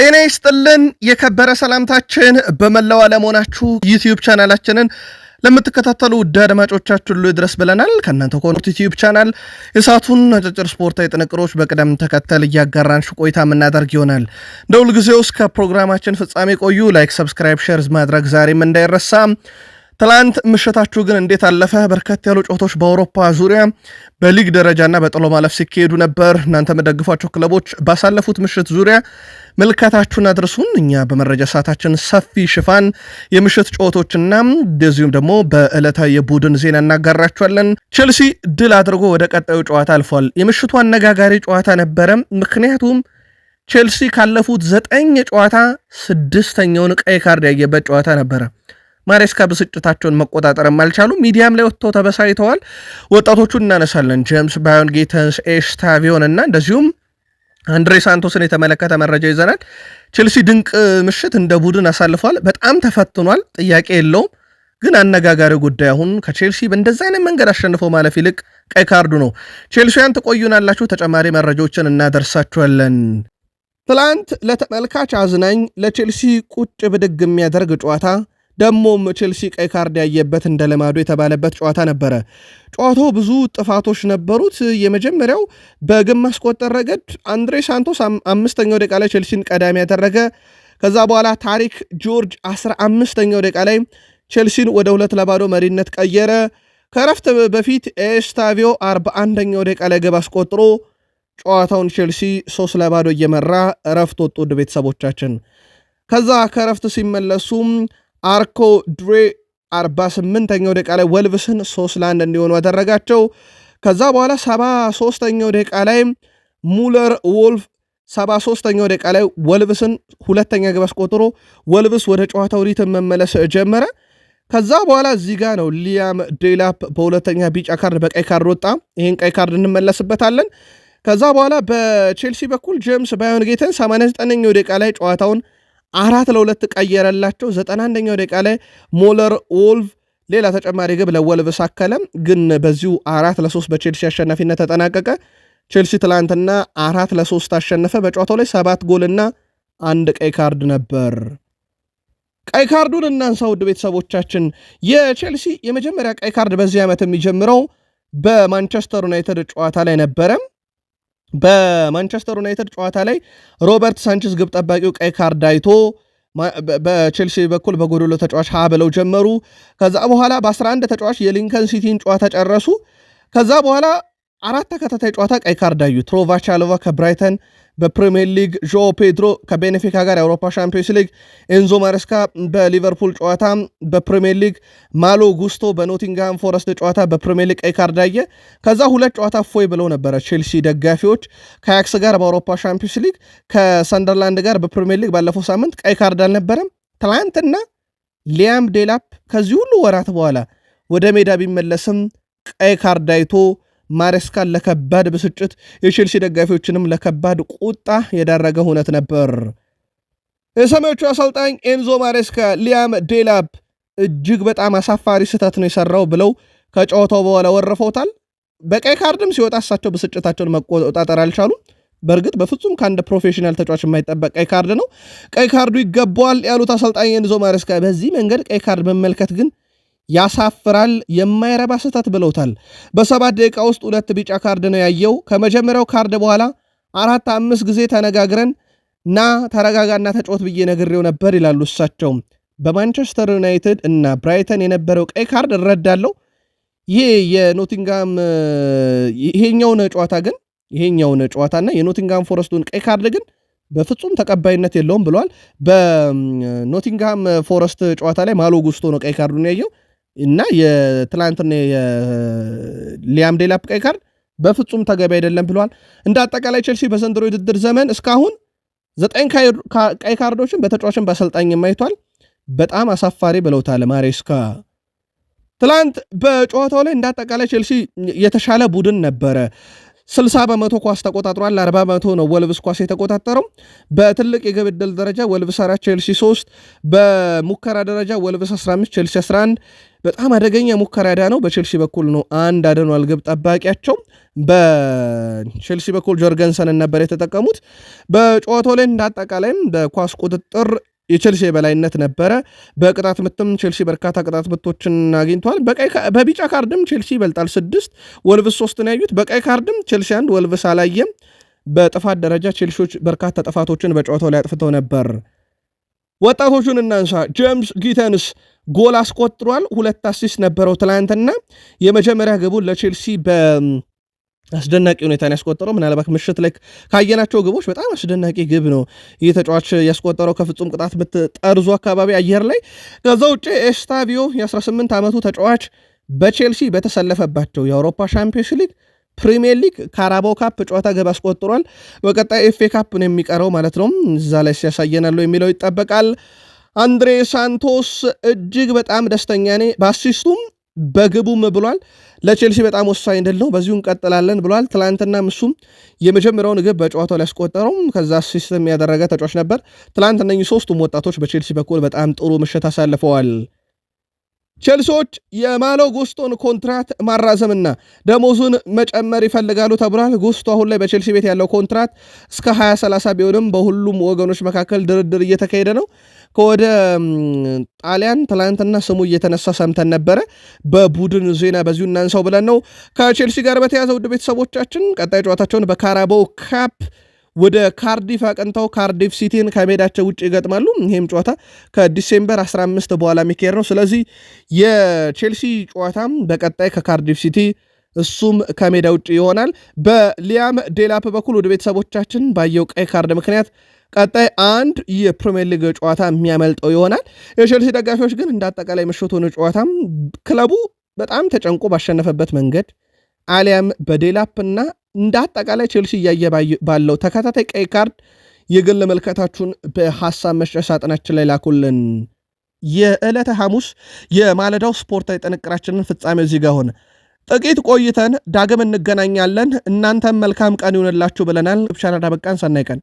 ጤና ይስጥልን የከበረ ሰላምታችን በመላው ዓለም ሆናችሁ ዩትዩብ ቻናላችንን ለምትከታተሉ ውድ አድማጮቻችን ሁሉ ድረስ ብለናል። ከእናንተ ኮኖርት ዩትዩብ ቻናል የሰዓቱን አጫጭር ስፖርታዊ ጥንቅሮች በቅደም ተከተል እያጋራንሽ ቆይታ የምናደርግ ይሆናል። እንደ ሁልጊዜው እስከ ፕሮግራማችን ፍጻሜ ቆዩ። ላይክ፣ ሰብስክራይብ፣ ሼር ማድረግ ዛሬም እንዳይረሳ። ትላንት ምሽታችሁ ግን እንዴት አለፈ? በርከት ያሉ ጨዋታዎች በአውሮፓ ዙሪያ በሊግ ደረጃና በጥሎ ማለፍ ሲካሄዱ ነበር። እናንተ መደግፏቸው ክለቦች ባሳለፉት ምሽት ዙሪያ ምልከታችሁን አድርሱን። እኛ በመረጃ ሰዓታችን ሰፊ ሽፋን የምሽት ጨዋታዎችና እንደዚሁም ደግሞ በዕለታዊ የቡድን ዜና እናጋራችኋለን። ቼልሲ ድል አድርጎ ወደ ቀጣዩ ጨዋታ አልፏል። የምሽቱ አነጋጋሪ ጨዋታ ነበረ። ምክንያቱም ቼልሲ ካለፉት ዘጠኝ ጨዋታ ስድስተኛውን ቀይ ካርድ ያየበት ጨዋታ ነበረ። ማሬስካ ብስጭታቸውን መቆጣጠርም አልቻሉም። ሚዲያም ላይ ወጥተው ተበሳይተዋል። ወጣቶቹን እናነሳለን። ጄምስ ባዮን ጌተንስ፣ ኤሽታቪዮን እና እንደዚሁም አንድሬ ሳንቶስን የተመለከተ መረጃ ይዘናል። ቼልሲ ድንቅ ምሽት እንደ ቡድን አሳልፏል። በጣም ተፈትኗል፣ ጥያቄ የለውም። ግን አነጋጋሪ ጉዳይ አሁን ከቼልሲ በእንደዚ አይነት መንገድ አሸንፎ ማለፍ ይልቅ ቀይ ካርዱ ነው። ቼልሲያን ትቆዩናላችሁ፣ ተጨማሪ መረጃዎችን እናደርሳችኋለን። ትላንት ለተመልካች አዝናኝ ለቼልሲ ቁጭ ብድግ የሚያደርግ ጨዋታ ደግሞም ቼልሲ ቀይ ካርድ ያየበት እንደ ለማዶ የተባለበት ጨዋታ ነበረ። ጨዋታው ብዙ ጥፋቶች ነበሩት። የመጀመሪያው በግብ ማስቆጠር ረገድ አንድሬ ሳንቶስ አምስተኛው ደቂቃ ላይ ቼልሲን ቀዳሚ ያደረገ፣ ከዛ በኋላ ታሪክ ጆርጅ አስራ አምስተኛው ደቂቃ ላይ ቼልሲን ወደ ሁለት ለባዶ መሪነት ቀየረ። ከረፍት በፊት ኤስታቪዮ አርባ አንደኛው ደቂቃ ላይ ግብ አስቆጥሮ ጨዋታውን ቼልሲ ሶስት ለባዶ እየመራ እረፍት ወጡ። ውድ ቤተሰቦቻችን ከዛ ከረፍት ሲመለሱም አርኮ ድሬ 48ኛው ደቂቃ ላይ ወልቭስን 3 ለ1 እንዲሆኑ ያደረጋቸው። ከዛ በኋላ 73ኛው ደቂቃ ላይ ሙለር ወልፍ 73ኛው ደቂቃ ላይ ወልቭስን ሁለተኛ ግብ አስቆጥሮ ወልቭስ ወደ ጨዋታው ሪትም መመለስ ጀመረ። ከዛ በኋላ እዚህ ጋር ነው ሊያም ዴላፕ በሁለተኛ ቢጫ ካርድ በቀይ ካርድ ወጣ። ይህን ቀይ ካርድ እንመለስበታለን። ከዛ በኋላ በቼልሲ በኩል ጄምስ ባዮን ጌተን 89ኛው ደቂቃ ላይ ጨዋታውን አራት ለሁለት ቀየረላቸው። ዘጠና አንደኛው ደቂቃ ላይ ሞለር ወልቭ ሌላ ተጨማሪ ግብ ለወልቭ ሳከለ፣ ግን በዚሁ አራት ለሶስት በቼልሲ አሸናፊነት ተጠናቀቀ። ቼልሲ ትላንትና አራት ለሶስት አሸነፈ። በጨዋታው ላይ ሰባት ጎልና አንድ ቀይ ካርድ ነበር። ቀይ ካርዱን እናንሳ ውድ ቤተሰቦቻችን። የቼልሲ የመጀመሪያ ቀይ ካርድ በዚህ ዓመት የሚጀምረው በማንቸስተር ዩናይትድ ጨዋታ ላይ ነበረም። በማንቸስተር ዩናይትድ ጨዋታ ላይ ሮበርት ሳንቸስ ግብ ጠባቂው ቀይ ካርድ አይቶ በቼልሲ በኩል በጎዶሎ ተጫዋች ሀ ብለው ጀመሩ። ከዛ በኋላ በ11 ተጫዋች የሊንከን ሲቲን ጨዋታ ጨረሱ። ከዛ በኋላ አራት ተከታታይ ጨዋታ ቀይ ካርድ አዩ። ትሮቫቻሎቫ ከብራይተን በፕሪሚየር ሊግ፣ ዦ ፔድሮ ከቤኔፊካ ጋር የአውሮፓ ሻምፒዮንስ ሊግ፣ ኤንዞ ማሬስካ በሊቨርፑል ጨዋታ በፕሪሚየር ሊግ፣ ማሎ ጉስቶ በኖቲንግሃም ፎረስት ጨዋታ በፕሪሚየር ሊግ ቀይ ካርድ አየ። ከዛ ሁለት ጨዋታ ፎይ ብለው ነበረ ቼልሲ ደጋፊዎች ከአያክስ ጋር በአውሮፓ ሻምፒዮንስ ሊግ፣ ከሰንደርላንድ ጋር በፕሪሚየር ሊግ ባለፈው ሳምንት ቀይ ካርድ አልነበረም። ትላንትና ሊያም ዴላፕ ከዚህ ሁሉ ወራት በኋላ ወደ ሜዳ ቢመለስም ቀይ ካርድ አይቶ ማሬስካን ለከባድ ብስጭት የቼልሲ ደጋፊዎችንም ለከባድ ቁጣ የዳረገ ሁነት ነበር። የሰሜዎቹ አሰልጣኝ ኤንዞ ማሬስካ ሊያም ዴላፕ እጅግ በጣም አሳፋሪ ስህተት ነው የሰራው ብለው ከጨዋታው በኋላ ወርፈውታል። በቀይ ካርድም ሲወጣ እሳቸው ብስጭታቸውን መቆጣጠር አልቻሉም። በእርግጥ በፍጹም ከአንድ ፕሮፌሽናል ተጫዋች የማይጠበቅ ቀይ ካርድ ነው። ቀይ ካርዱ ይገባዋል ያሉት አሰልጣኝ ኤንዞ ማሬስካ በዚህ መንገድ ቀይ ካርድ መመልከት ግን ያሳፍራል፣ የማይረባ ስህተት ብለውታል። በሰባት ደቂቃ ውስጥ ሁለት ቢጫ ካርድ ነው ያየው። ከመጀመሪያው ካርድ በኋላ አራት አምስት ጊዜ ተነጋግረን ና ተረጋጋና ተጫወት ብዬ ነግሬው ነበር ይላሉ እሳቸው በማንቸስተር ዩናይትድ እና ብራይተን የነበረው ቀይ ካርድ እረዳለሁ። ይሄ የኖቲንጋም ይሄኛውን ጨዋታ ግን ይሄኛውን ጨዋታና የኖቲንጋም ፎረስቱን ቀይ ካርድ ግን በፍጹም ተቀባይነት የለውም ብለዋል። በኖቲንጋም ፎረስት ጨዋታ ላይ ማሎ ጉስቶ ነው ቀይ ካርዱን ያየው። እና የትላንትና የሊያም ዴላፕ ቀይ ካርድ በፍጹም ተገቢ አይደለም ብለዋል። እንደ አጠቃላይ ቼልሲ በዘንድሮ የውድድር ዘመን እስካሁን ዘጠኝ ቀይ ካርዶችን በተጫዋችን በአሰልጣኝ የማይቷል። በጣም አሳፋሪ ብለውታል ማሬስካ ትላንት በጨዋታው ላይ እንዳጠቃላይ አጠቃላይ ቼልሲ የተሻለ ቡድን ነበረ። 60 በመቶ ኳስ ተቆጣጥሯል። 40 በመቶ ነው ወልቭስ ኳስ የተቆጣጠረው። በትልቅ የግብ ዕድል ደረጃ ወልብስ 4 ቼልሲ 3፣ በሙከራ ደረጃ ወልብስ 15 ቼልሲ 11። በጣም አደገኛ ሙከራ ዳ ነው በቼልሲ በኩል ነው አንድ አድኗል። ግብ ጠባቂያቸው በቼልሲ በኩል ጆርገንሰንን ነበር የተጠቀሙት። በጨዋታው ላይ እንዳጠቃላይም በኳስ ቁጥጥር የቼልሲ የበላይነት ነበረ። በቅጣት ምትም ቼልሲ በርካታ ቅጣት ምቶችን አግኝተዋል። በቢጫ ካርድም ቼልሲ ይበልጣል፣ ስድስት ወልቭስ ሶስትን ያዩት። በቀይ ካርድም ቼልሲ አንድ ወልቭስ አላየም። በጥፋት ደረጃ ቼልሲዎች በርካታ ጥፋቶችን በጨዋታው ላይ አጥፍተው ነበር። ወጣቶቹን እናንሳ። ጄምስ ጊተንስ ጎል አስቆጥሯል። ሁለት አሲስት ነበረው ትላንትና። የመጀመሪያ ግቡን ለቼልሲ በ አስደናቂ ሁኔታን ያስቆጠረው ምናልባት ምሽት ላይ ካየናቸው ግቦች በጣም አስደናቂ ግብ ነው ይህ ተጫዋች ያስቆጠረው ከፍጹም ቅጣት ምት ጠርዙ አካባቢ አየር ላይ። ከዛ ውጭ ኤስታቪዮ የ18 ዓመቱ ተጫዋች በቼልሲ በተሰለፈባቸው የአውሮፓ ሻምፒዮንስ ሊግ፣ ፕሪሚየር ሊግ፣ ካራባው ካፕ ጨዋታ ግብ አስቆጥሯል። በቀጣይ ኤፌ ካፕ ነው የሚቀረው ማለት ነው። እዛ ላይ ሲያሳየናሉ የሚለው ይጠበቃል። አንድሬ ሳንቶስ እጅግ በጣም ደስተኛ ኔ በአሲስቱም በግቡም ብሏል። ለቼልሲ በጣም ወሳኝ ድል ነው፣ በዚሁ እንቀጥላለን ብሏል። ትላንትና እሱም የመጀመሪያውን ግብ በጨዋታው ሊያስቆጠረውም ከዛ ሲስተም ያደረገ ተጫዋች ነበር። ትላንት እነኚህ ሶስቱም ወጣቶች በቼልሲ በኩል በጣም ጥሩ ምሽት አሳልፈዋል። ቼልሲዎች የማሎ ጉስቶን ኮንትራት ማራዘምና ደሞዙን መጨመር ይፈልጋሉ ተብሏል። ጉስቶ አሁን ላይ በቼልሲ ቤት ያለው ኮንትራት እስከ 2030 ቢሆንም በሁሉም ወገኖች መካከል ድርድር እየተካሄደ ነው። ከወደ ጣሊያን ትላንትና ስሙ እየተነሳ ሰምተን ነበረ። በቡድን ዜና በዚሁ እናንሳው ብለን ነው። ከቼልሲ ጋር በተያዘ ውድ ቤተሰቦቻችን ቀጣይ ጨዋታቸውን በካራቦ ካፕ ወደ ካርዲፍ አቅንተው ካርዲፍ ሲቲን ከሜዳቸው ውጭ ይገጥማሉ። ይህም ጨዋታ ከዲሴምበር 15 በኋላ የሚካሄድ ነው። ስለዚህ የቼልሲ ጨዋታም በቀጣይ ከካርዲፍ ሲቲ እሱም ከሜዳ ውጭ ይሆናል። በሊያም ዴላፕ በኩል ወደ ቤተሰቦቻችን ባየው ቀይ ካርድ ምክንያት ቀጣይ አንድ የፕሪሚየር ሊግ ጨዋታ የሚያመልጠው ይሆናል። የቼልሲ ደጋፊዎች ግን እንዳጠቃላይ አጠቃላይ ምሽቱን ጨዋታም ክለቡ በጣም ተጨንቆ ባሸነፈበት መንገድ አሊያም በዴላፕ እና እንደ አጠቃላይ ቼልሲ እያየ ባለው ተከታታይ ቀይ ካርድ የግል መልከታችሁን በሀሳብ መስጫ ሳጥናችን ላይ ላኩልን። የዕለተ ሐሙስ የማለዳው ስፖርታዊ ጥንቅራችንን ፍጻሜ እዚህ ጋር ሆነ። ጥቂት ቆይተን ዳግም እንገናኛለን። እናንተም መልካም ቀን ይሆንላችሁ ብለናል። ብቻ ዳበቃን። ሰናይ ቀን